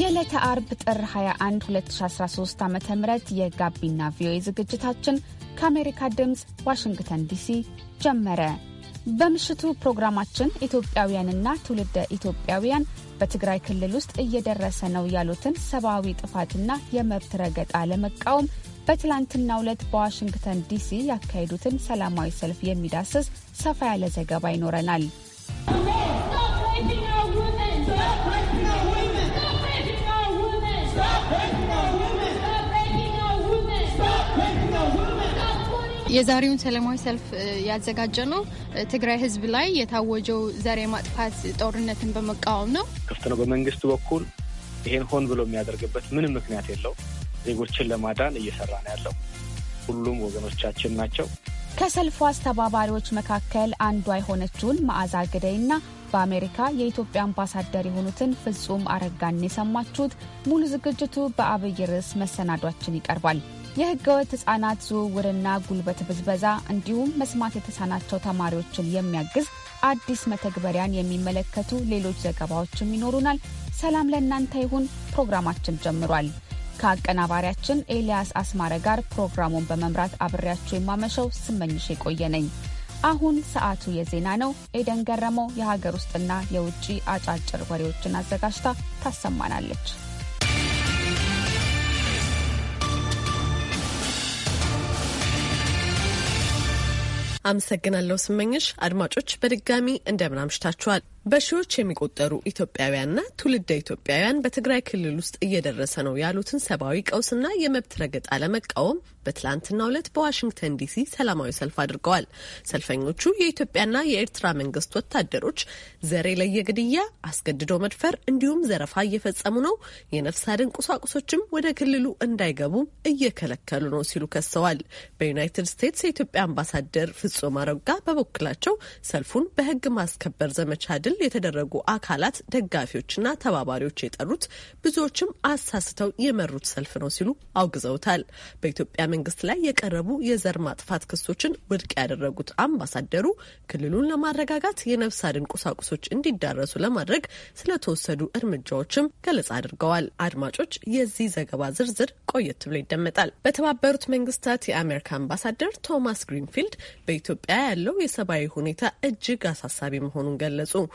የዕለተ አርብ ጥር 21 2013 ዓ ም የጋቢና ቪኦኤ ዝግጅታችን ከአሜሪካ ድምፅ ዋሽንግተን ዲሲ ጀመረ። በምሽቱ ፕሮግራማችን ኢትዮጵያውያንና ትውልደ ኢትዮጵያውያን በትግራይ ክልል ውስጥ እየደረሰ ነው ያሉትን ሰብአዊ ጥፋትና የመብት ረገጣ ለመቃወም በትላንትናው ዕለት በዋሽንግተን ዲሲ ያካሄዱትን ሰላማዊ ሰልፍ የሚዳስስ ሰፋ ያለ ዘገባ ይኖረናል። የዛሬውን ሰላማዊ ሰልፍ ያዘጋጀ ነው ትግራይ ህዝብ ላይ የታወጀው ዘር ማጥፋት ጦርነትን በመቃወም ነው። ክፍት ነው። በመንግስት በኩል ይሄን ሆን ብሎ የሚያደርግበት ምንም ምክንያት የለው። ዜጎችን ለማዳን እየሰራ ነው ያለው። ሁሉም ወገኖቻችን ናቸው። ከሰልፉ አስተባባሪዎች መካከል አንዷ የሆነችውን መዓዛ ግደይና በአሜሪካ የኢትዮጵያ አምባሳደር የሆኑትን ፍጹም አረጋን የሰማችሁት። ሙሉ ዝግጅቱ በአብይ ርዕስ መሰናዷችን ይቀርባል። የህገወጥ ህጻናት ዝውውርና ጉልበት ብዝበዛ እንዲሁም መስማት የተሳናቸው ተማሪዎችን የሚያግዝ አዲስ መተግበሪያን የሚመለከቱ ሌሎች ዘገባዎችም ይኖሩናል። ሰላም ለእናንተ ይሁን። ፕሮግራማችን ጀምሯል። ከአቀናባሪያችን ኤልያስ አስማረ ጋር ፕሮግራሙን በመምራት አብሬያችሁ የማመሸው ስመኝሽ የቆየ ነኝ። አሁን ሰዓቱ የዜና ነው። ኤደን ገረመው የሀገር ውስጥና የውጭ አጫጭር ወሬዎችን አዘጋጅታ ታሰማናለች። አመሰግናለሁ ስመኝሽ። አድማጮች በድጋሚ እንደምን አምሽታችኋል? በሺዎች የሚቆጠሩ ኢትዮጵያውያንና ትውልደ ኢትዮጵያውያን በትግራይ ክልል ውስጥ እየደረሰ ነው ያሉትን ሰብአዊ ቀውስና የመብት ረገጣ ለመቃወም በትላንትናው ዕለት በዋሽንግተን ዲሲ ሰላማዊ ሰልፍ አድርገዋል። ሰልፈኞቹ የኢትዮጵያና የኤርትራ መንግስት ወታደሮች ዘሬ ለየ ግድያ፣ አስገድዶ መድፈር እንዲሁም ዘረፋ እየፈጸሙ ነው፣ የነፍስ አድን ቁሳቁሶችም ወደ ክልሉ እንዳይገቡ እየከለከሉ ነው ሲሉ ከሰዋል። በዩናይትድ ስቴትስ የኢትዮጵያ አምባሳደር ፍጹም አረጋ በበኩላቸው ሰልፉን በህግ ማስከበር ዘመቻ እንዲል የተደረጉ አካላት ደጋፊዎችና ተባባሪዎች የጠሩት ብዙዎችም አሳስተው የመሩት ሰልፍ ነው ሲሉ አውግዘውታል። በኢትዮጵያ መንግስት ላይ የቀረቡ የዘር ማጥፋት ክሶችን ውድቅ ያደረጉት አምባሳደሩ ክልሉን ለማረጋጋት የነፍስ አድን ቁሳቁሶች እንዲዳረሱ ለማድረግ ስለተወሰዱ እርምጃዎችም ገለጻ አድርገዋል። አድማጮች፣ የዚህ ዘገባ ዝርዝር ቆየት ብሎ ይደመጣል። በተባበሩት መንግስታት የአሜሪካ አምባሳደር ቶማስ ግሪንፊልድ በኢትዮጵያ ያለው የሰብአዊ ሁኔታ እጅግ አሳሳቢ መሆኑን ገለጹ።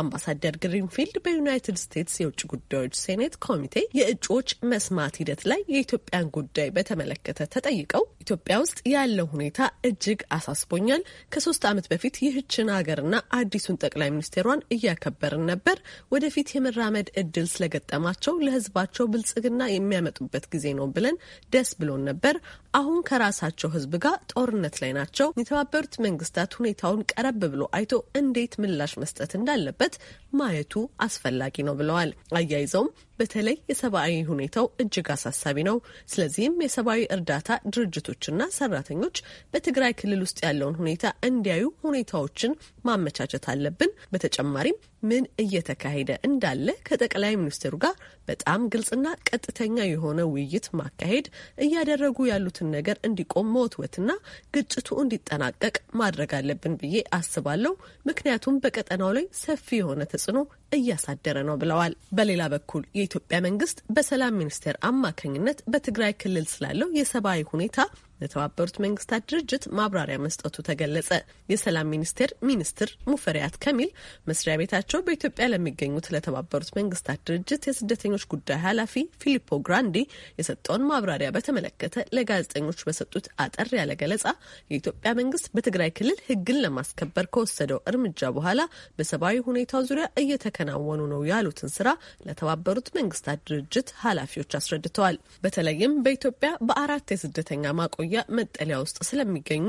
አምባሳደር ግሪንፊልድ በዩናይትድ ስቴትስ የውጭ ጉዳዮች ሴኔት ኮሚቴ የእጩዎች መስማት ሂደት ላይ የኢትዮጵያን ጉዳይ በተመለከተ ተጠይቀው ኢትዮጵያ ውስጥ ያለው ሁኔታ እጅግ አሳስቦኛል። ከሶስት ዓመት በፊት ይህችን ሀገርና አዲሱን ጠቅላይ ሚኒስቴሯን እያከበርን ነበር። ወደፊት የመራመድ እድል ስለገጠማቸው ለሕዝባቸው ብልጽግና የሚያመጡበት ጊዜ ነው ብለን ደስ ብሎን ነበር። አሁን ከራሳቸው ሕዝብ ጋር ጦርነት ላይ ናቸው። የተባበሩት መንግስታት ሁኔታውን ቀረብ ብሎ አይቶ እንዴት ምላሽ መስጠት እንዳለበት እንዳለበት ማየቱ አስፈላጊ ነው ብለዋል። አያይዘውም በተለይ የሰብአዊ ሁኔታው እጅግ አሳሳቢ ነው። ስለዚህም የሰብአዊ እርዳታ ድርጅቶችና ሰራተኞች በትግራይ ክልል ውስጥ ያለውን ሁኔታ እንዲያዩ ሁኔታዎችን ማመቻቸት አለብን። በተጨማሪም ምን እየተካሄደ እንዳለ ከጠቅላይ ሚኒስትሩ ጋር በጣም ግልጽና ቀጥተኛ የሆነ ውይይት ማካሄድ፣ እያደረጉ ያሉትን ነገር እንዲቆም መወትወትና ግጭቱ እንዲጠናቀቅ ማድረግ አለብን ብዬ አስባለሁ። ምክንያቱም በቀጠናው ላይ ሰፊ የሆነ ተጽዕኖ እያሳደረ ነው ብለዋል። በሌላ በኩል የኢትዮጵያ መንግስት በሰላም ሚኒስቴር አማካኝነት በትግራይ ክልል ስላለው የሰብአዊ ሁኔታ ለተባበሩት መንግስታት ድርጅት ማብራሪያ መስጠቱ ተገለጸ። የሰላም ሚኒስቴር ሚኒስትር ሙፈሪያት ከሚል መስሪያ ቤታቸው በኢትዮጵያ ለሚገኙት ለተባበሩት መንግስታት ድርጅት የስደተኞች ጉዳይ ኃላፊ ፊሊፖ ግራንዲ የሰጠውን ማብራሪያ በተመለከተ ለጋዜጠኞች በሰጡት አጠር ያለ ገለጻ የኢትዮጵያ መንግስት በትግራይ ክልል ህግን ለማስከበር ከወሰደው እርምጃ በኋላ በሰብአዊ ሁኔታው ዙሪያ እየተከናወኑ ነው ያሉትን ስራ ለተባበሩት መንግስታት ድርጅት ኃላፊዎች አስረድተዋል። በተለይም በኢትዮጵያ በአራት የስደተኛ ማቆያ ማቆያ መጠለያ ውስጥ ስለሚገኙ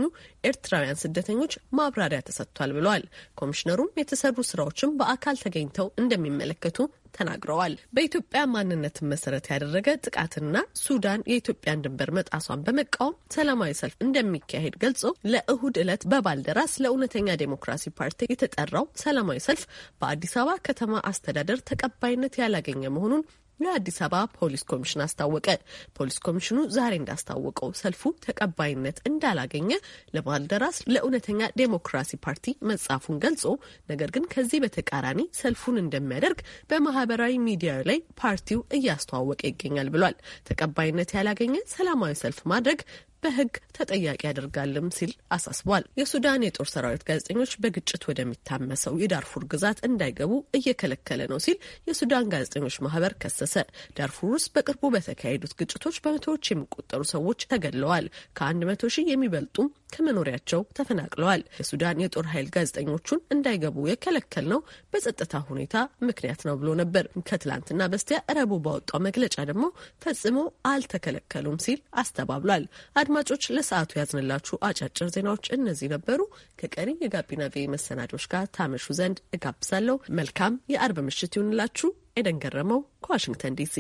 ኤርትራውያን ስደተኞች ማብራሪያ ተሰጥቷል ብለዋል። ኮሚሽነሩም የተሰሩ ስራዎችም በአካል ተገኝተው እንደሚመለከቱ ተናግረዋል። በኢትዮጵያ ማንነትን መሰረት ያደረገ ጥቃትና ሱዳን የኢትዮጵያን ድንበር መጣሷን በመቃወም ሰላማዊ ሰልፍ እንደሚካሄድ ገልጾ ለእሁድ ዕለት በባልደራስ ለእውነተኛ ዴሞክራሲ ፓርቲ የተጠራው ሰላማዊ ሰልፍ በአዲስ አበባ ከተማ አስተዳደር ተቀባይነት ያላገኘ መሆኑን የአዲስ አበባ ፖሊስ ኮሚሽን አስታወቀ። ፖሊስ ኮሚሽኑ ዛሬ እንዳስታወቀው ሰልፉ ተቀባይነት እንዳላገኘ ለባልደራስ ለእውነተኛ ዴሞክራሲ ፓርቲ መጻፉን ገልጾ ነገር ግን ከዚህ በተቃራኒ ሰልፉን እንደሚያደርግ በማህበራዊ ሚዲያ ላይ ፓርቲው እያስተዋወቀ ይገኛል ብሏል። ተቀባይነት ያላገኘ ሰላማዊ ሰልፍ ማድረግ በህግ ተጠያቂ ያደርጋልም ሲል አሳስቧል። የሱዳን የጦር ሰራዊት ጋዜጠኞች በግጭት ወደሚታመሰው የዳርፉር ግዛት እንዳይገቡ እየከለከለ ነው ሲል የሱዳን ጋዜጠኞች ማህበር ከሰሰ። ዳርፉር ውስጥ በቅርቡ በተካሄዱት ግጭቶች በመቶዎች የሚቆጠሩ ሰዎች ተገድለዋል። ከአንድ መቶ ሺህ የሚበልጡም ከመኖሪያቸው ተፈናቅለዋል። የሱዳን የጦር ኃይል ጋዜጠኞቹን እንዳይገቡ የከለከል ነው በጸጥታ ሁኔታ ምክንያት ነው ብሎ ነበር። ከትላንትና በስቲያ ረቡዕ ባወጣው መግለጫ ደግሞ ፈጽሞ አልተከለከሉም ሲል አስተባብሏል። አድማጮች ለሰዓቱ ያዝንላችሁ አጫጭር ዜናዎች እነዚህ ነበሩ። ከቀሪ የጋቢና ቪ መሰናዶች ጋር ታመሹ ዘንድ እጋብዛለሁ። መልካም የአርብ ምሽት ይሁንላችሁ። ኤደን ገረመው ከዋሽንግተን ዲሲ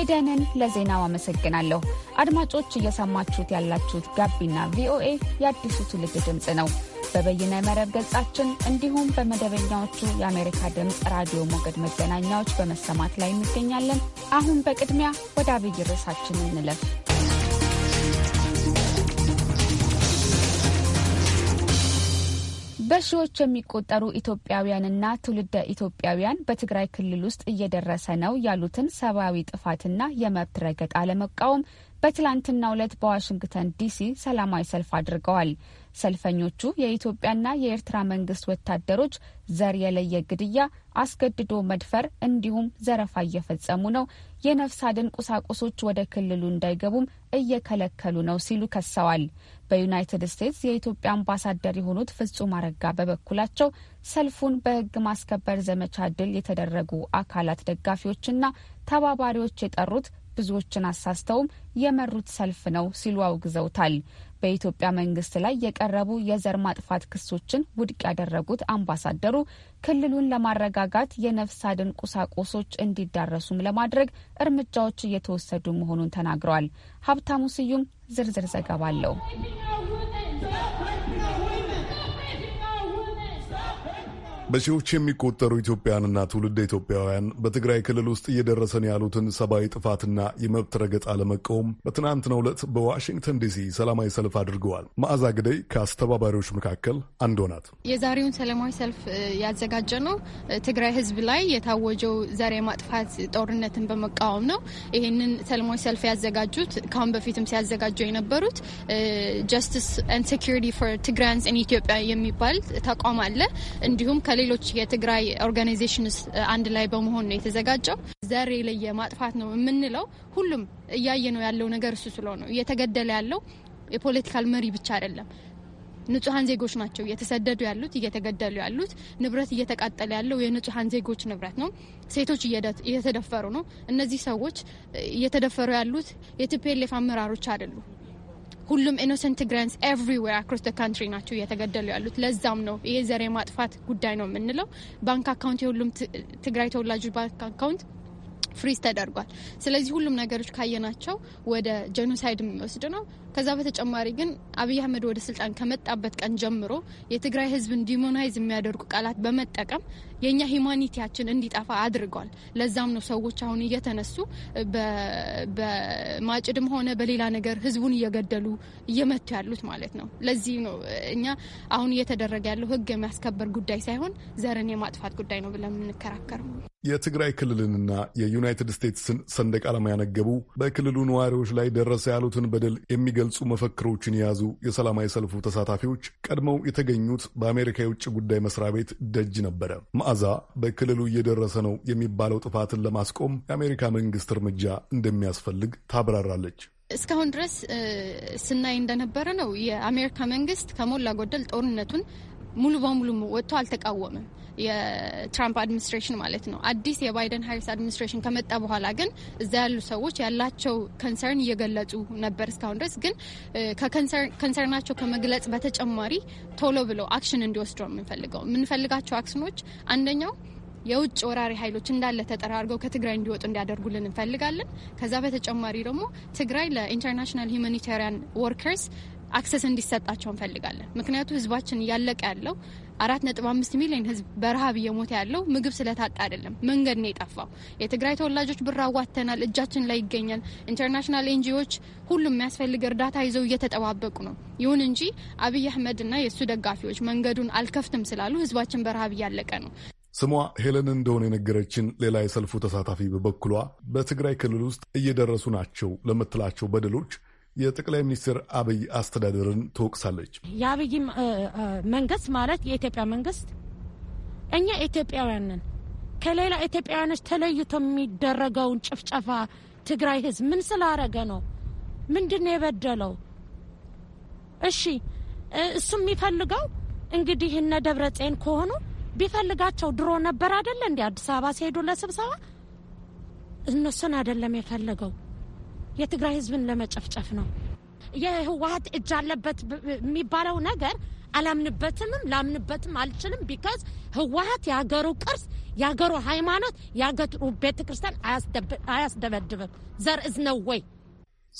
ኤደንን ለዜናው አመሰግናለሁ። አድማጮች እየሰማችሁት ያላችሁት ጋቢና ቪኦኤ የአዲሱ ትውልድ ድምፅ ነው። በበይነ መረብ ገጻችን እንዲሁም በመደበኛዎቹ የአሜሪካ ድምፅ ራዲዮ ሞገድ መገናኛዎች በመሰማት ላይ እንገኛለን። አሁን በቅድሚያ ወደ አብይ ርዕሳችን እንለፍ። በሺዎች የሚቆጠሩ ኢትዮጵያውያንና ትውልደ ኢትዮጵያውያን በትግራይ ክልል ውስጥ እየደረሰ ነው ያሉትን ሰብአዊ ጥፋትና የመብት ረገጣ ለመቃወም በትላንትናው ዕለት በዋሽንግተን ዲሲ ሰላማዊ ሰልፍ አድርገዋል። ሰልፈኞቹ የኢትዮጵያና የኤርትራ መንግስት ወታደሮች ዘር የለየ ግድያ፣ አስገድዶ መድፈር እንዲሁም ዘረፋ እየፈጸሙ ነው፣ የነፍስ አድን ቁሳቁሶች ወደ ክልሉ እንዳይገቡም እየከለከሉ ነው ሲሉ ከሰዋል። በዩናይትድ ስቴትስ የኢትዮጵያ አምባሳደር የሆኑት ፍጹም አረጋ በበኩላቸው ሰልፉን በሕግ ማስከበር ዘመቻ ድል የተደረጉ አካላት ደጋፊዎችና ተባባሪዎች የጠሩት ብዙዎችን አሳስተውም የመሩት ሰልፍ ነው ሲሉ አውግዘውታል። በኢትዮጵያ መንግስት ላይ የቀረቡ የዘር ማጥፋት ክሶችን ውድቅ ያደረጉት አምባሳደሩ ክልሉን ለማረጋጋት የነፍስ አድን ቁሳቁሶች እንዲዳረሱም ለማድረግ እርምጃዎች እየተወሰዱ መሆኑን ተናግረዋል። ሀብታሙ ስዩም ዝርዝር ዘገባ አለው። በሺዎች የሚቆጠሩ ኢትዮጵያያንና ትውልደ ኢትዮጵያውያን በትግራይ ክልል ውስጥ እየደረሰን ያሉትን ሰብአዊ ጥፋትና የመብት ረገጣ ለመቃወም በትናንትናው ዕለት በዋሽንግተን ዲሲ ሰላማዊ ሰልፍ አድርገዋል። መዓዛ ግደይ ከአስተባባሪዎች መካከል አንዷ ናት። የዛሬውን ሰላማዊ ሰልፍ ያዘጋጀ ነው ትግራይ ህዝብ ላይ የታወጀው ዘር የማጥፋት ጦርነትን በመቃወም ነው። ይህንን ሰላማዊ ሰልፍ ያዘጋጁት ከአሁን በፊትም ሲያዘጋጁ የነበሩት ጀስቲስ ኤንድ ሴኩሪቲ ፎር ትግራያንስ ኢን ኢትዮጵያ የሚባል ተቋም አለ እንዲሁም ከሌ ከሌሎች የትግራይ ኦርጋናይዜሽንስ አንድ ላይ በመሆን ነው የተዘጋጀው። ዘር የለየ ማጥፋት ነው የምንለው። ሁሉም እያየ ነው ያለው ነገር እሱ ስለሆነ ነው እየተገደለ ያለው የፖለቲካል መሪ ብቻ አይደለም። ንጹሐን ዜጎች ናቸው እየተሰደዱ ያሉት እየተገደሉ ያሉት። ንብረት እየተቃጠለ ያለው የንጹሐን ዜጎች ንብረት ነው። ሴቶች እየተደፈሩ ነው። እነዚህ ሰዎች እየተደፈሩ ያሉት የቲፒኤልኤፍ አመራሮች አይደሉ ሁሉም ኢኖሰንት ግራንስ ኤቭሪዌር አክሮስ ካንትሪ ናቸው እየተገደሉ ያሉት። ለዛም ነው ይሄ ዘር ማጥፋት ጉዳይ ነው የምንለው። ባንክ አካውንት የሁሉም ትግራይ ተወላጆች ባንክ አካውንት ፍሪዝ ተደርጓል። ስለዚህ ሁሉም ነገሮች ካየናቸው ወደ ጀኖሳይድ የሚወስድ ነው። ከዛ በተጨማሪ ግን አብይ አህመድ ወደ ስልጣን ከመጣበት ቀን ጀምሮ የትግራይ ህዝብን ዲሞናይዝ የሚያደርጉ ቃላት በመጠቀም የእኛ ሂማኒቲያችን እንዲጠፋ አድርጓል። ለዛም ነው ሰዎች አሁን እየተነሱ በማጭድም ሆነ በሌላ ነገር ህዝቡን እየገደሉ እየመቱ ያሉት ማለት ነው። ለዚህ ነው እኛ አሁን እየተደረገ ያለው ህግ የሚያስከበር ጉዳይ ሳይሆን ዘርን የማጥፋት ጉዳይ ነው ብለን የምንከራከረው። የትግራይ ክልልንና የዩናይትድ ስቴትስን ሰንደቅ ዓላማ ያነገቡ በክልሉ ነዋሪዎች ላይ ደረሰ ያሉትን በደል የሚገ የሚገልጹ መፈክሮችን የያዙ የሰላማዊ ሰልፉ ተሳታፊዎች ቀድመው የተገኙት በአሜሪካ የውጭ ጉዳይ መስሪያ ቤት ደጅ ነበረ። መዓዛ በክልሉ እየደረሰ ነው የሚባለው ጥፋትን ለማስቆም የአሜሪካ መንግስት እርምጃ እንደሚያስፈልግ ታብራራለች። እስካሁን ድረስ ስናይ እንደነበረ ነው የአሜሪካ መንግስት ከሞላ ጎደል ጦርነቱን ሙሉ በሙሉ ወጥቶ አልተቃወምም። የትራምፕ አድሚኒስትሬሽን ማለት ነው። አዲስ የባይደን ሀሪስ አድሚኒስትሬሽን ከመጣ በኋላ ግን እዛ ያሉ ሰዎች ያላቸው ከንሰርን እየገለጹ ነበር። እስካሁን ድረስ ግን ከከንሰርናቸው ከመግለጽ በተጨማሪ ቶሎ ብለው አክሽን እንዲወስዱ የምንፈልገው። የምንፈልጋቸው አክሽኖች አንደኛው የውጭ ወራሪ ኃይሎች እንዳለ ተጠራርገው ከትግራይ እንዲወጡ እንዲያደርጉልን እንፈልጋለን። ከዛ በተጨማሪ ደግሞ ትግራይ ለኢንተርናሽናል ሁማኒታሪያን ወርከርስ አክሰስ እንዲሰጣቸው እንፈልጋለን። ምክንያቱ ህዝባችን እያለቀ ያለው አራት ነጥብ አምስት ሚሊዮን ህዝብ በረሃብ እየሞተ ያለው ምግብ ስለታጣ አይደለም፣ መንገድ ነው የጠፋው። የትግራይ ተወላጆች ብር አዋተናል፣ እጃችን ላይ ይገኛል። ኢንተርናሽናል ኤንጂኦዎች ሁሉም የሚያስፈልግ እርዳታ ይዘው እየተጠባበቁ ነው። ይሁን እንጂ አብይ አህመድና የእሱ ደጋፊዎች መንገዱን አልከፍትም ስላሉ ህዝባችን በረሃብ እያለቀ ነው። ስሟ ሄለን እንደሆነ የነገረችን ሌላ የሰልፉ ተሳታፊ በበኩሏ በትግራይ ክልል ውስጥ እየደረሱ ናቸው ለምትላቸው በደሎች የጠቅላይ ሚኒስትር አብይ አስተዳደርን ትወቅሳለች። የአብይ መንግስት ማለት የኢትዮጵያ መንግስት እኛ ኢትዮጵያውያን ነን። ከሌላ ኢትዮጵያውያኖች ተለይቶ የሚደረገውን ጭፍጨፋ ትግራይ ህዝብ ምን ስላረገ ነው? ምንድን ነው የበደለው? እሺ እሱ የሚፈልገው እንግዲህ እነ ደብረጽዮን ከሆኑ ቢፈልጋቸው ድሮ ነበር አደለ እንዲ አዲስ አበባ ሲሄዱ ለስብሰባ እነሱን አደለም የፈለገው የትግራይ ህዝብን ለመጨፍጨፍ ነው። የህወሀት እጅ አለበት የሚባለው ነገር አላምንበትምም፣ ላምንበትም አልችልም። ቢካዝ ህወሀት የሀገሩ ቅርስ፣ የሀገሩ ሃይማኖት፣ የሀገሩ ቤተክርስቲያን አያስደበድብም። ዘር ነው ወይ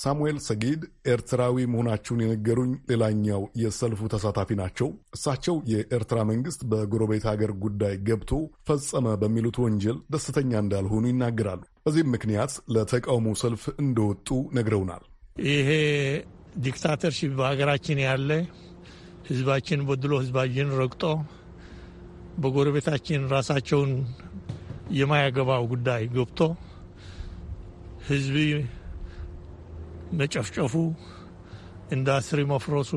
ሳሙኤል ሰጊድ ኤርትራዊ መሆናቸውን የነገሩኝ ሌላኛው የሰልፉ ተሳታፊ ናቸው። እሳቸው የኤርትራ መንግስት በጎረቤት ሀገር ጉዳይ ገብቶ ፈጸመ በሚሉት ወንጀል ደስተኛ እንዳልሆኑ ይናገራሉ። በዚህም ምክንያት ለተቃውሞ ሰልፍ እንደወጡ ነግረውናል። ይሄ ዲክታተርሺፕ በሀገራችን ያለ ህዝባችን በድሎ ህዝባችን ረግጦ በጎረቤታችን ራሳቸውን የማያገባው ጉዳይ ገብቶ ህዝቢ መጨፍጨፉ፣ ኢንዱስትሪ መፍረሱ፣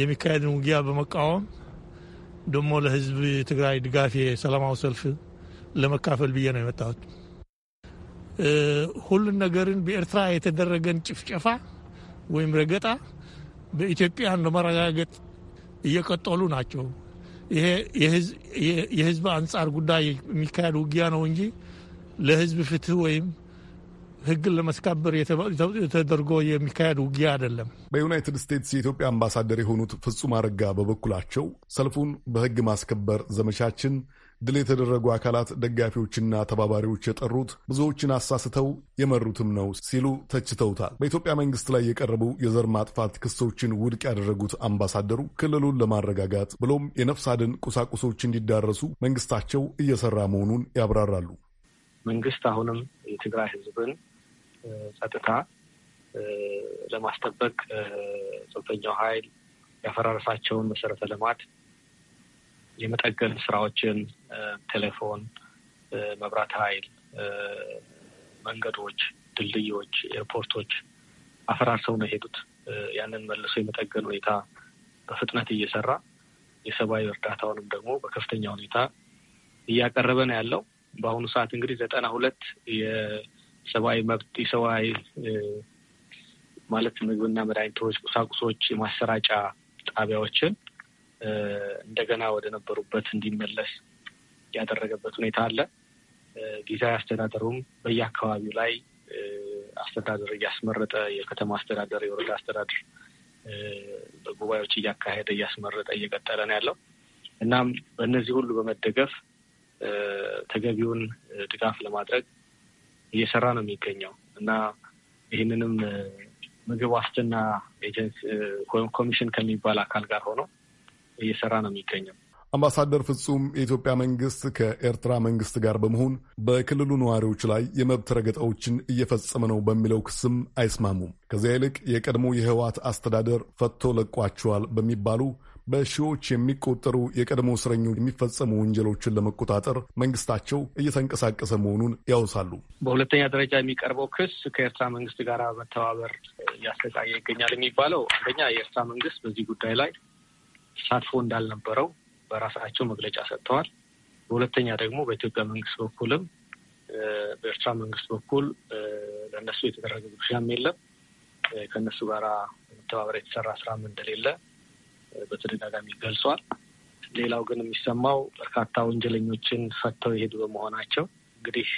የሚካሄድን ውጊያ በመቃወም ደግሞ ለህዝብ ትግራይ ድጋፍ የሰላማዊ ሰልፍ ለመካፈል ብዬ ነው የመጣሁት። ሁሉን ነገርን በኤርትራ የተደረገን ጭፍጨፋ ወይም ረገጣ በኢትዮጵያን ለመረጋገጥ እየቀጠሉ ናቸው። ይሄ የህዝብ አንጻር ጉዳይ የሚካሄድ ውጊያ ነው እንጂ ለህዝብ ፍትህ ወይም ህግን ለማስከበር ተደርጎ የሚካሄድ ውጊያ አይደለም። በዩናይትድ ስቴትስ የኢትዮጵያ አምባሳደር የሆኑት ፍጹም አረጋ በበኩላቸው ሰልፉን በህግ ማስከበር ዘመቻችን ድል የተደረጉ አካላት ደጋፊዎችና ተባባሪዎች የጠሩት ብዙዎችን አሳስተው የመሩትም ነው ሲሉ ተችተውታል። በኢትዮጵያ መንግስት ላይ የቀረቡ የዘር ማጥፋት ክሶችን ውድቅ ያደረጉት አምባሳደሩ ክልሉን ለማረጋጋት ብሎም የነፍስ አድን ቁሳቁሶች እንዲዳረሱ መንግስታቸው እየሰራ መሆኑን ያብራራሉ። መንግስት አሁንም የትግራይ ህዝብን ጸጥታ ለማስጠበቅ ጽንፈኛው ኃይል ያፈራረሳቸውን መሰረተ ልማት የመጠገን ስራዎችን፣ ቴሌፎን፣ መብራት ኃይል፣ መንገዶች፣ ድልድዮች፣ ኤርፖርቶች አፈራርሰው ነው የሄዱት። ያንን መልሶ የመጠገን ሁኔታ በፍጥነት እየሰራ የሰብአዊ እርዳታውንም ደግሞ በከፍተኛ ሁኔታ እያቀረበ ነው ያለው። በአሁኑ ሰዓት እንግዲህ ዘጠና ሁለት ሰብአዊ መብት የሰብአዊ ማለት ምግብና መድኃኒቶች፣ ቁሳቁሶች የማሰራጫ ጣቢያዎችን እንደገና ወደ ነበሩበት እንዲመለስ ያደረገበት ሁኔታ አለ። ጊዜያዊ አስተዳደሩም በየአካባቢው ላይ አስተዳደር እያስመረጠ የከተማ አስተዳደር፣ የወረዳ አስተዳደር ጉባኤዎች እያካሄደ እያስመረጠ እየቀጠለ ነው ያለው። እናም በእነዚህ ሁሉ በመደገፍ ተገቢውን ድጋፍ ለማድረግ እየሰራ ነው የሚገኘው እና ይህንንም ምግብ ዋስትና ኤጀንሲ ኮሚሽን ከሚባል አካል ጋር ሆነው እየሰራ ነው የሚገኘው። አምባሳደር ፍጹም የኢትዮጵያ መንግስት ከኤርትራ መንግስት ጋር በመሆን በክልሉ ነዋሪዎች ላይ የመብት ረገጣዎችን እየፈጸመ ነው በሚለው ክስም አይስማሙም። ከዚያ ይልቅ የቀድሞ የህወሓት አስተዳደር ፈቶ ለቋቸዋል በሚባሉ በሺዎች የሚቆጠሩ የቀድሞ እስረኞች የሚፈጸሙ ወንጀሎችን ለመቆጣጠር መንግስታቸው እየተንቀሳቀሰ መሆኑን ያውሳሉ። በሁለተኛ ደረጃ የሚቀርበው ክስ ከኤርትራ መንግስት ጋር በመተባበር እያሰቃየ ይገኛል የሚባለው አንደኛ የኤርትራ መንግስት በዚህ ጉዳይ ላይ ተሳትፎ እንዳልነበረው በራሳቸው መግለጫ ሰጥተዋል። በሁለተኛ ደግሞ በኢትዮጵያ መንግስት በኩልም በኤርትራ መንግስት በኩል ለእነሱ የተደረገ ግብዣም የለም። ከእነሱ ጋር መተባበር የተሰራ ስራም እንደሌለ በተደጋጋሚ ገልጿል። ሌላው ግን የሚሰማው በርካታ ወንጀለኞችን ፈተው የሄዱ በመሆናቸው እንግዲህ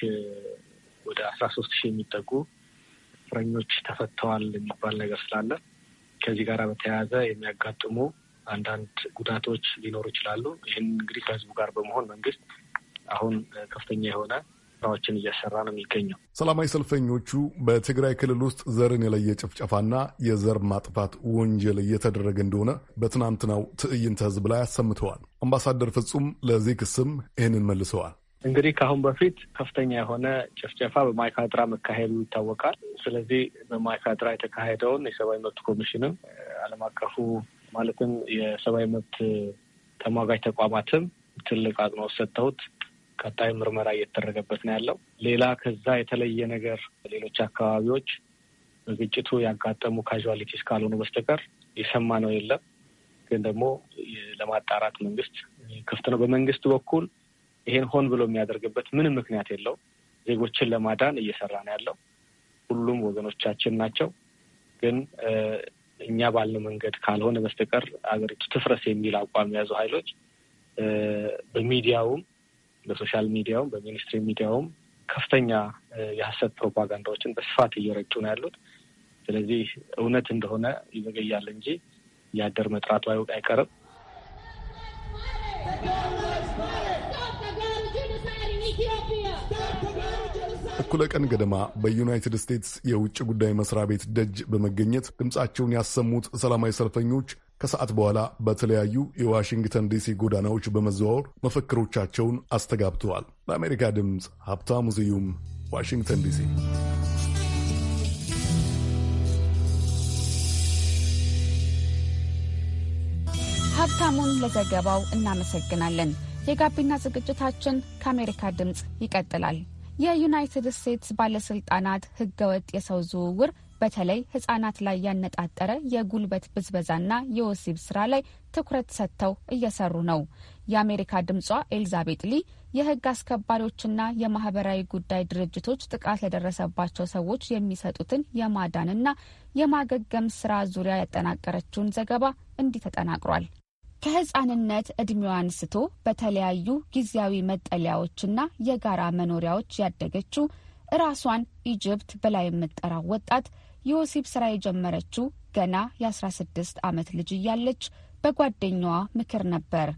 ወደ አስራ ሶስት ሺህ የሚጠጉ እስረኞች ተፈተዋል የሚባል ነገር ስላለ ከዚህ ጋር በተያያዘ የሚያጋጥሙ አንዳንድ ጉዳቶች ሊኖሩ ይችላሉ። ይህን እንግዲህ ከህዝቡ ጋር በመሆን መንግስት አሁን ከፍተኛ የሆነ ስራዎችን እያሰራ ነው የሚገኘው። ሰላማዊ ሰልፈኞቹ በትግራይ ክልል ውስጥ ዘርን የለየ ጭፍጨፋና የዘር ማጥፋት ወንጀል እየተደረገ እንደሆነ በትናንትናው ትዕይንተ ህዝብ ላይ አሰምተዋል። አምባሳደር ፍጹም ለዚህ ክስም ይህንን መልሰዋል። እንግዲህ ከአሁን በፊት ከፍተኛ የሆነ ጭፍጨፋ በማይካድራ መካሄዱ ይታወቃል። ስለዚህ በማይካድራ የተካሄደውን የሰብአዊ መብት ኮሚሽንም ዓለም አቀፉ ማለትም የሰብአዊ መብት ተሟጋጅ ተቋማትም ትልቅ አጽንኦት ሰጥተውት ቀጣይ ምርመራ እየተደረገበት ነው ያለው። ሌላ ከዛ የተለየ ነገር ሌሎች አካባቢዎች በግጭቱ ያጋጠሙ ካዥዋሊቲስ ካልሆኑ በስተቀር የሰማ ነው የለም። ግን ደግሞ ለማጣራት መንግስት ክፍት ነው። በመንግስት በኩል ይሄን ሆን ብሎ የሚያደርግበት ምንም ምክንያት የለው። ዜጎችን ለማዳን እየሰራ ነው ያለው። ሁሉም ወገኖቻችን ናቸው። ግን እኛ ባልነው መንገድ ካልሆነ በስተቀር አገሪቱ ትፍረስ የሚል አቋም የያዙ ኃይሎች በሚዲያውም በሶሻል ሚዲያውም በሚኒስትሪ ሚዲያውም ከፍተኛ የሀሰት ፕሮፓጋንዳዎችን በስፋት እየረጩ ነው ያሉት። ስለዚህ እውነት እንደሆነ ይዘገያል እንጂ የአደር መጥራቱ አይወቅ አይቀርም። እኩለ ቀን ገደማ በዩናይትድ ስቴትስ የውጭ ጉዳይ መስሪያ ቤት ደጅ በመገኘት ድምፃቸውን ያሰሙት ሰላማዊ ሰልፈኞች ከሰዓት በኋላ በተለያዩ የዋሽንግተን ዲሲ ጎዳናዎች በመዘዋወር መፈክሮቻቸውን አስተጋብተዋል። ለአሜሪካ ድምፅ ሀብታሙ ስዩም ዋሽንግተን ዲሲ። ሀብታሙን ለዘገባው እናመሰግናለን። የጋቢና ዝግጅታችን ከአሜሪካ ድምፅ ይቀጥላል። የዩናይትድ ስቴትስ ባለሥልጣናት ሕገወጥ የሰው ዝውውር በተለይ ህጻናት ላይ ያነጣጠረ የጉልበት ብዝበዛና የወሲብ ስራ ላይ ትኩረት ሰጥተው እየሰሩ ነው። የአሜሪካ ድምጿ ኤልዛቤት ሊ የህግ አስከባሪዎችና የማህበራዊ ጉዳይ ድርጅቶች ጥቃት ለደረሰባቸው ሰዎች የሚሰጡትን የማዳንና የማገገም ስራ ዙሪያ ያጠናቀረችውን ዘገባ እንዲህ ተጠናቅሯል። ከህጻንነት እድሜዋ አንስቶ በተለያዩ ጊዜያዊ መጠለያዎችና የጋራ መኖሪያዎች ያደገችው ራሷን ኢጅፕት ብላ የምትጠራው ወጣት የወሲብ ስራ የጀመረችው ገና የ16 ዓመት ልጅ እያለች በጓደኛዋ ምክር ነበር።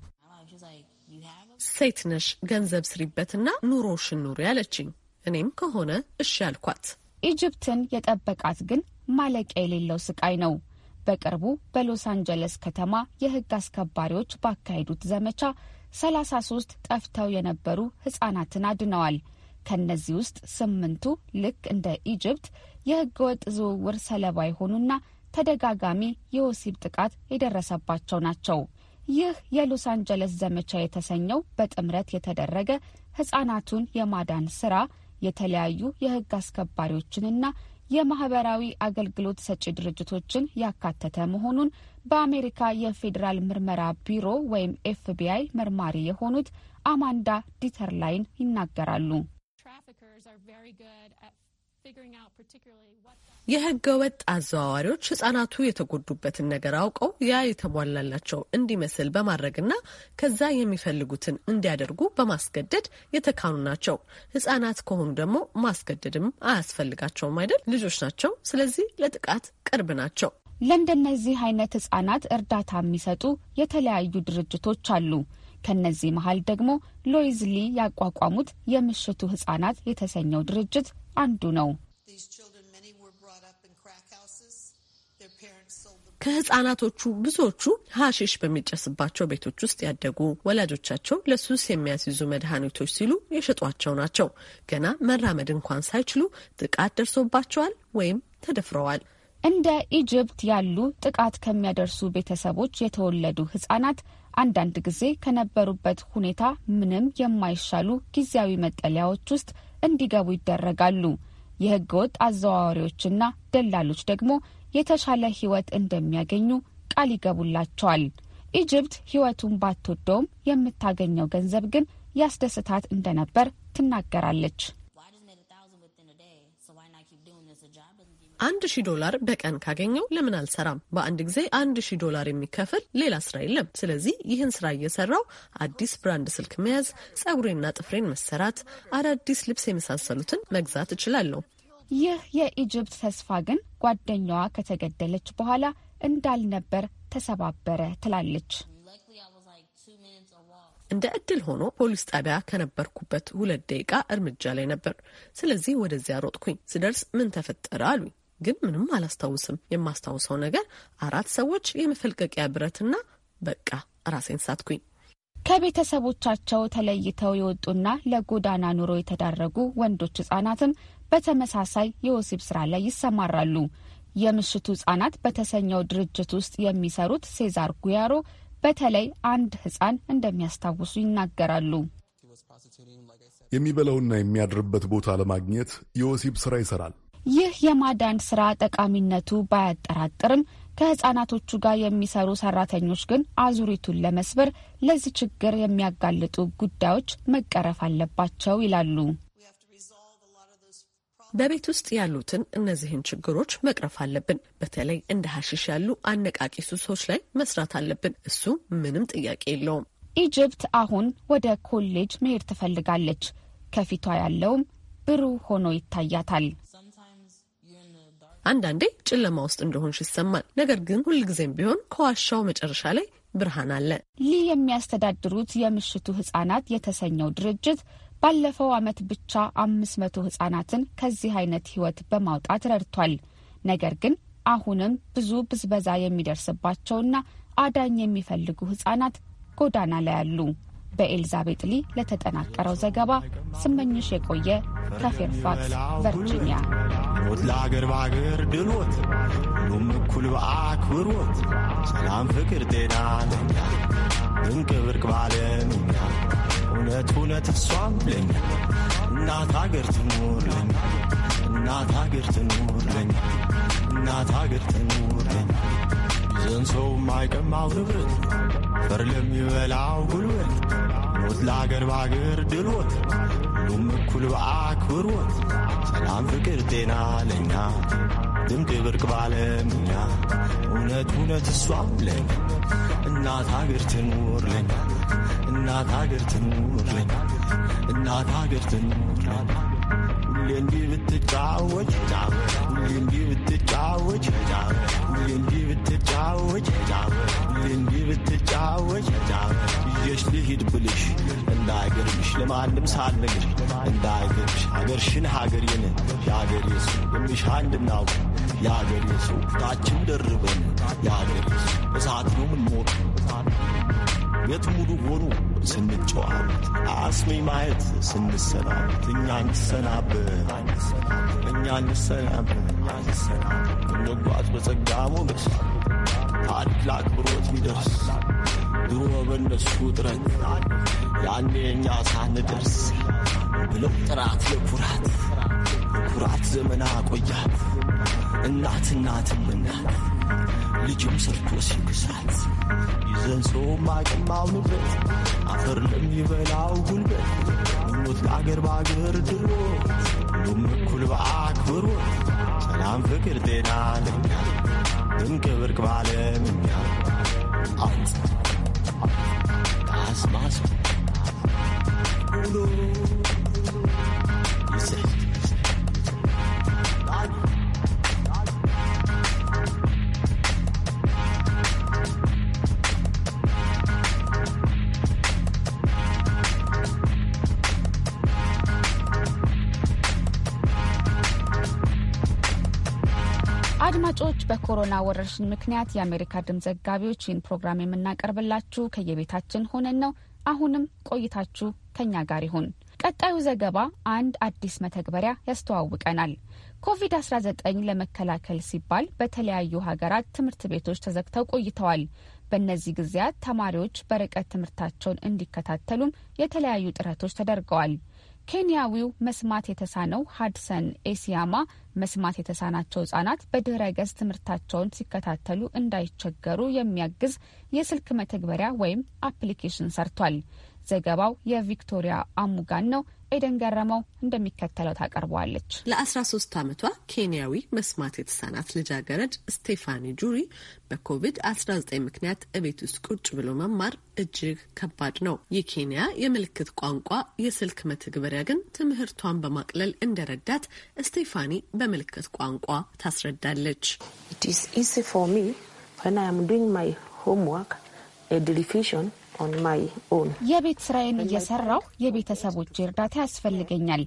ሴት ነሽ ገንዘብ ስሪበትና ኑሮሽን ኑሪ ያለችኝ። እኔም ከሆነ እሺ ያልኳት። ኢጅፕትን የጠበቃት ግን ማለቂያ የሌለው ስቃይ ነው። በቅርቡ በሎስ አንጀለስ ከተማ የህግ አስከባሪዎች ባካሄዱት ዘመቻ 33 ጠፍተው የነበሩ ህጻናትን አድነዋል። ከእነዚህ ውስጥ ስምንቱ ልክ እንደ ኢጅፕት ወጥ ዝውውር ሰለባ የሆኑና ተደጋጋሚ የወሲብ ጥቃት የደረሰባቸው ናቸው። ይህ የሎስ አንጀለስ ዘመቻ የተሰኘው በጥምረት የተደረገ ህጻናቱን የማዳን ስራ የተለያዩ የህግ አስከባሪዎችንና የማህበራዊ አገልግሎት ሰጪ ድርጅቶችን ያካተተ መሆኑን በአሜሪካ የፌዴራል ምርመራ ቢሮ ወይም ኤፍቢአይ መርማሪ የሆኑት አማንዳ ዲተርላይን ይናገራሉ። የህገ ወጥ አዘዋዋሪዎች ህጻናቱ የተጎዱበትን ነገር አውቀው ያ የተሟላላቸው እንዲመስል በማድረግና ከዛ የሚፈልጉትን እንዲያደርጉ በማስገደድ የተካኑ ናቸው። ህጻናት ከሆኑ ደግሞ ማስገደድም አያስፈልጋቸውም አይደል? ልጆች ናቸው። ስለዚህ ለጥቃት ቅርብ ናቸው። ለእንደነዚህ አይነት ህጻናት እርዳታ የሚሰጡ የተለያዩ ድርጅቶች አሉ። ከነዚህ መሀል ደግሞ ሎይዝ ሊ ያቋቋሙት የምሽቱ ህጻናት የተሰኘው ድርጅት አንዱ ነው። ከህጻናቶቹ ብዙዎቹ ሀሺሽ በሚጨስባቸው ቤቶች ውስጥ ያደጉ ወላጆቻቸው ለሱስ የሚያስይዙ መድኃኒቶች ሲሉ የሸጧቸው ናቸው። ገና መራመድ እንኳን ሳይችሉ ጥቃት ደርሶባቸዋል ወይም ተደፍረዋል። እንደ ኢጅፕት ያሉ ጥቃት ከሚያደርሱ ቤተሰቦች የተወለዱ ህጻናት አንዳንድ ጊዜ ከነበሩበት ሁኔታ ምንም የማይሻሉ ጊዜያዊ መጠለያዎች ውስጥ እንዲገቡ ይደረጋሉ። የህገ ወጥ አዘዋዋሪዎችና ደላሎች ደግሞ የተሻለ ህይወት እንደሚያገኙ ቃል ይገቡላቸዋል። ኢጅፕት ህይወቱን ባትወደውም የምታገኘው ገንዘብ ግን ያስደስታት እንደነበር ትናገራለች። አንድ ሺህ ዶላር በቀን ካገኘው ለምን አልሰራም? በአንድ ጊዜ አንድ ሺህ ዶላር የሚከፍል ሌላ ስራ የለም። ስለዚህ ይህን ስራ እየሰራው አዲስ ብራንድ ስልክ መያዝ፣ ጸጉሬና ጥፍሬን መሰራት፣ አዳዲስ ልብስ የመሳሰሉትን መግዛት እችላለሁ። ይህ የኢጅፕት ተስፋ ግን ጓደኛዋ ከተገደለች በኋላ እንዳልነበር ተሰባበረ ትላለች። እንደ እድል ሆኖ ፖሊስ ጣቢያ ከነበርኩበት ሁለት ደቂቃ እርምጃ ላይ ነበር። ስለዚህ ወደዚያ ሮጥኩኝ። ስደርስ ምን ተፈጠረ አሉኝ። ግን ምንም አላስታውስም። የማስታውሰው ነገር አራት ሰዎች የመፈልቀቂያ ብረትና በቃ ራሴን ሳትኩኝ። ከቤተሰቦቻቸው ተለይተው የወጡና ለጎዳና ኑሮ የተዳረጉ ወንዶች ህጻናትም በተመሳሳይ የወሲብ ስራ ላይ ይሰማራሉ። የምሽቱ ህጻናት በተሰኘው ድርጅት ውስጥ የሚሰሩት ሴዛር ጉያሮ በተለይ አንድ ህፃን እንደሚያስታውሱ ይናገራሉ። የሚበላውና የሚያድርበት ቦታ ለማግኘት የወሲብ ስራ ይሰራል። ይህ የማዳን ስራ ጠቃሚነቱ ባያጠራጥርም ከህፃናቶቹ ጋር የሚሰሩ ሰራተኞች ግን አዙሪቱን ለመስበር ለዚህ ችግር የሚያጋልጡ ጉዳዮች መቀረፍ አለባቸው ይላሉ። በቤት ውስጥ ያሉትን እነዚህን ችግሮች መቅረፍ አለብን። በተለይ እንደ ሀሺሽ ያሉ አነቃቂ ሱሶች ላይ መስራት አለብን። እሱ ምንም ጥያቄ የለውም። ኢጅፕት አሁን ወደ ኮሌጅ መሄድ ትፈልጋለች። ከፊቷ ያለውም ብሩህ ሆኖ ይታያታል። አንዳንዴ ጨለማ ውስጥ እንደሆንሽ ይሰማል። ነገር ግን ሁልጊዜም ቢሆን ከዋሻው መጨረሻ ላይ ብርሃን አለ። ሊ የሚያስተዳድሩት የምሽቱ ህጻናት የተሰኘው ድርጅት ባለፈው ዓመት ብቻ አምስት መቶ ህጻናትን ከዚህ አይነት ህይወት በማውጣት ረድቷል። ነገር ግን አሁንም ብዙ ብዝበዛ የሚደርስባቸውና አዳኝ የሚፈልጉ ህጻናት ጎዳና ላይ አሉ። በኤልዛቤጥ ሊ ለተጠናቀረው ዘገባ ስመኝሽ የቆየ ከፌርፋክስ ቨርጂኒያ። ሞት ለአገር በአገር ድሎት ሁሉም እኩል በአክብሮት ሰላም፣ ፍቅር፣ ጤና ለኛ ድንቅ ብርቅ ባለምኛ እውነት እውነት እሷም እናት ሀገር ትኑር እናት ሀገር ትኑር እናት ሀገር ትኑር ለኛ ይዘን ሰው ማይቀማው ንብረት ፈር ለሚበላው ጉልበት ሞት ለአገር በአገር ድልወት ሁሉም እኩል በአክብሮት ሰላም ፍቅር ጤና ለኛ ድምቅ ብርቅ ባለምኛ እውነት እውነት እሷም እናት ሀገር ትኑር ለኛ እናት አገር ትኑረኝ፣ እናት አገር ትኑረኝ። ሁሌ እንዲህ ብትጫወች ሁሌ እንዲህ ብትጫወች ሁሌ እንዲህ ብትጫወች ሁሌ እንዲህ ብትጫወች ይዤሽ ልሂድ ብልሽ እንዳይገርምሽ ለማንም ሳልነግር እንዳይገርምሽ አገርሽን ሀገሬን የአገሬ ሰው የምልሽ አንድ የአገሬ ሰው ታችን ደርበን የአገሬ ሰው እሳት ነው ምንሞቅ የት ሙሉ ሆኑ ስንጨዋወት አስሜ ማየት ስንሰናበት እኛ እንሰናበት እኛ እንሰናበት እንጓዝ በጸጋ ሞገስ ታላቅ ብሮት ሚደርስ ድሮ በነሱ ጥረት ያኔ እኛ ሳንደርስ ብለው ጥራት የኩራት ኩራት ዘመና ቆያት እናት እናትም እናት ልጅም ሰርቶ ሲግሳት ይዘን ሰው ማቅማው ንብረት አፈር ለሚበላው ጉልበት ሞት ከአገር በአገር ድሮ ሁሉም እኩል በአክብሮ ሰላም፣ ፍቅር፣ ጤና ለኛ ድንቅ ብርቅ ባለም እኛ አት ታስማስ ውሎ ይዘህ በኮሮና ወረርሽኝ ምክንያት የአሜሪካ ድምፅ ዘጋቢዎች ይህን ፕሮግራም የምናቀርብላችሁ ከየቤታችን ሆነን ነው። አሁንም ቆይታችሁ ከኛ ጋር ይሁን። ቀጣዩ ዘገባ አንድ አዲስ መተግበሪያ ያስተዋውቀናል። ኮቪድ-19 ለመከላከል ሲባል በተለያዩ ሀገራት ትምህርት ቤቶች ተዘግተው ቆይተዋል። በእነዚህ ጊዜያት ተማሪዎች በርቀት ትምህርታቸውን እንዲከታተሉም የተለያዩ ጥረቶች ተደርገዋል። ኬንያዊው መስማት የተሳነው ሀድሰን ኤሲያማ መስማት የተሳናቸው ህጻናት በድረ ገጽ ትምህርታቸውን ሲከታተሉ እንዳይቸገሩ የሚያግዝ የስልክ መተግበሪያ ወይም አፕሊኬሽን ሰርቷል። ዘገባው የቪክቶሪያ አሙጋን ነው። ኤደን ገረመው እንደሚከተለው ታቀርበዋለች። ለ13 ዓመቷ ኬንያዊ መስማት የተሳናት ልጃገረድ ስቴፋኒ ጁሪ በኮቪድ-19 ምክንያት እቤት ውስጥ ቁጭ ብሎ መማር እጅግ ከባድ ነው። የኬንያ የምልክት ቋንቋ የስልክ መተግበሪያ ግን ትምህርቷን በማቅለል እንደረዳት ስቴፋኒ በምልክት ቋንቋ ታስረዳለች። ኢት ኢዝ ኢዚ ፎር ሚ ዌን አይ አም ዱይንግ ማይ ሆምወርክ ኤ ማይ የቤት ስራዬን እየሰራው የቤተሰቦቼ እርዳታ ያስፈልገኛል።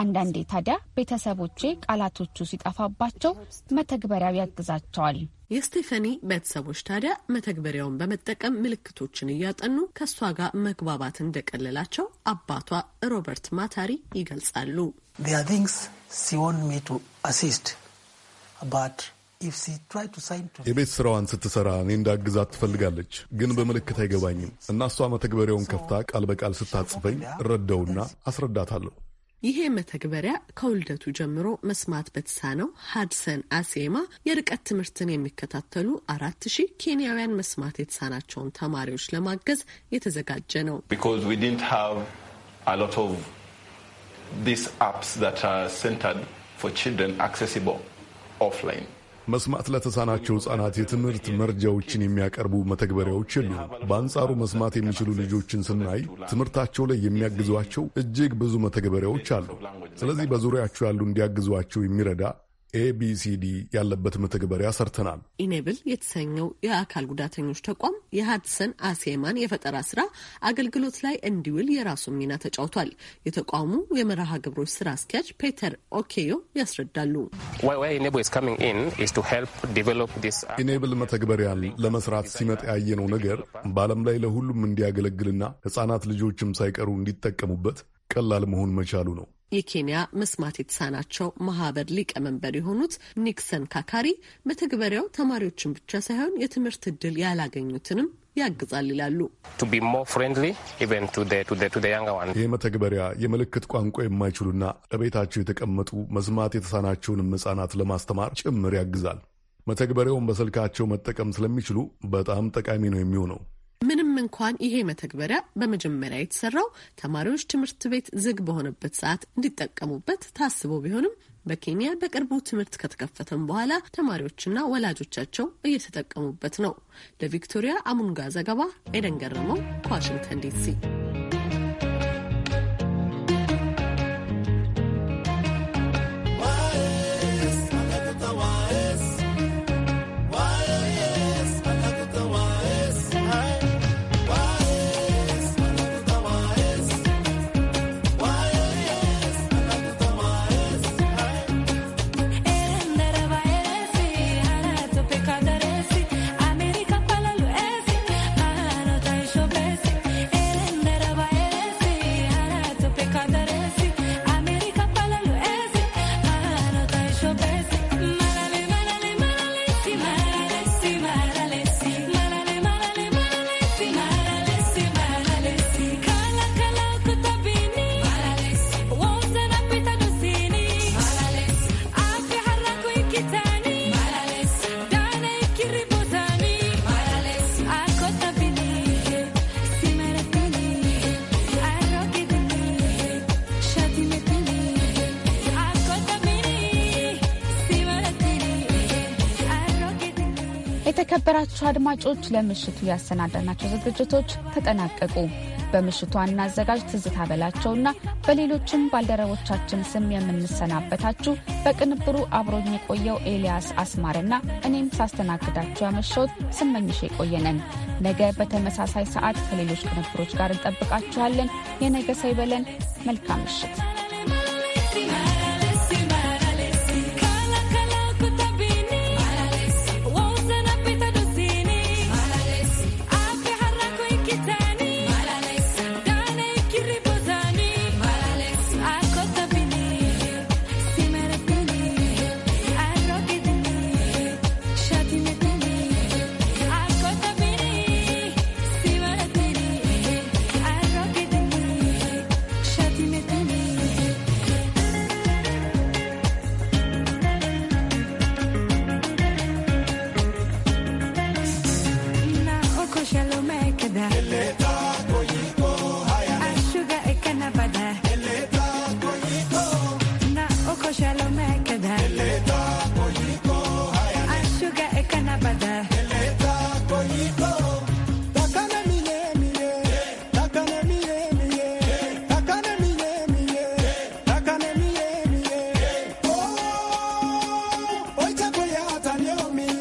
አንዳንዴ ታዲያ ቤተሰቦቼ ቃላቶቹ ሲጠፋባቸው መተግበሪያው ያግዛቸዋል። የስቴፈኒ ቤተሰቦች ታዲያ መተግበሪያውን በመጠቀም ምልክቶችን እያጠኑ ከእሷ ጋር መግባባት እንደቀለላቸው አባቷ ሮበርት ማታሪ ይገልጻሉ። የቤት ስራዋን ስትሰራ እኔ እንዳግዛት ትፈልጋለች፣ ግን በምልክት አይገባኝም እና እሷ መተግበሪያውን ከፍታ ቃል በቃል ስታጽፈኝ እረዳውና አስረዳታለሁ። ይሄ መተግበሪያ ከውልደቱ ጀምሮ መስማት በተሳነው ሀድሰን አሴማ የርቀት ትምህርትን የሚከታተሉ አራት ሺህ ኬንያውያን መስማት የተሳናቸውን ተማሪዎች ለማገዝ የተዘጋጀ ነው። ኦፍላይን መስማት ለተሳናቸው ሕጻናት የትምህርት መርጃዎችን የሚያቀርቡ መተግበሪያዎች የሉም። በአንጻሩ መስማት የሚችሉ ልጆችን ስናይ ትምህርታቸው ላይ የሚያግዟቸው እጅግ ብዙ መተግበሪያዎች አሉ። ስለዚህ በዙሪያቸው ያሉ እንዲያግዟቸው የሚረዳ ኤቢሲዲ ያለበት መተግበሪያ ሰርተናል። ኢኔብል የተሰኘው የአካል ጉዳተኞች ተቋም የሀድሰን አሴማን የፈጠራ ስራ አገልግሎት ላይ እንዲውል የራሱን ሚና ተጫውቷል። የተቋሙ የመርሃ ግብሮች ስራ አስኪያጅ ፔተር ኦኬዮ ያስረዳሉ። uh, ኢኔብል መተግበሪያን ለመስራት ሲመጣ ያየነው ነገር በዓለም ላይ ለሁሉም እንዲያገለግልና ህጻናት ልጆችም ሳይቀሩ እንዲጠቀሙበት ቀላል መሆን መቻሉ ነው። የኬንያ መስማት የተሳናቸው ማህበር ሊቀመንበር የሆኑት ኒክሰን ካካሪ መተግበሪያው ተማሪዎችን ብቻ ሳይሆን የትምህርት እድል ያላገኙትንም ያግዛል ይላሉ። ይህ መተግበሪያ የምልክት ቋንቋ የማይችሉና ለቤታቸው የተቀመጡ መስማት የተሳናቸውንም ሕጻናት ለማስተማር ጭምር ያግዛል። መተግበሪያውን በስልካቸው መጠቀም ስለሚችሉ በጣም ጠቃሚ ነው የሚሆነው ምንም እንኳን ይሄ መተግበሪያ በመጀመሪያ የተሰራው ተማሪዎች ትምህርት ቤት ዝግ በሆነበት ሰዓት እንዲጠቀሙበት ታስቦ ቢሆንም በኬንያ በቅርቡ ትምህርት ከተከፈተም በኋላ ተማሪዎችና ወላጆቻቸው እየተጠቀሙበት ነው። ለቪክቶሪያ አሙንጋ ዘገባ ኤደን ገረመው ከዋሽንግተን ዲሲ አድማጮች ለምሽቱ ያሰናዳናቸው ዝግጅቶች ተጠናቀቁ። በምሽቱ ዋና አዘጋጅ ትዝታ በላቸውና በሌሎችም ባልደረቦቻችን ስም የምንሰናበታችሁ በቅንብሩ አብሮኝ የቆየው ኤልያስ አስማርና እኔም ሳስተናግዳችሁ ያመሸሁት ስመኝሽ የቆየነን ነገ በተመሳሳይ ሰዓት ከሌሎች ቅንብሮች ጋር እንጠብቃችኋለን። የነገ ሳይበለን መልካም ምሽት።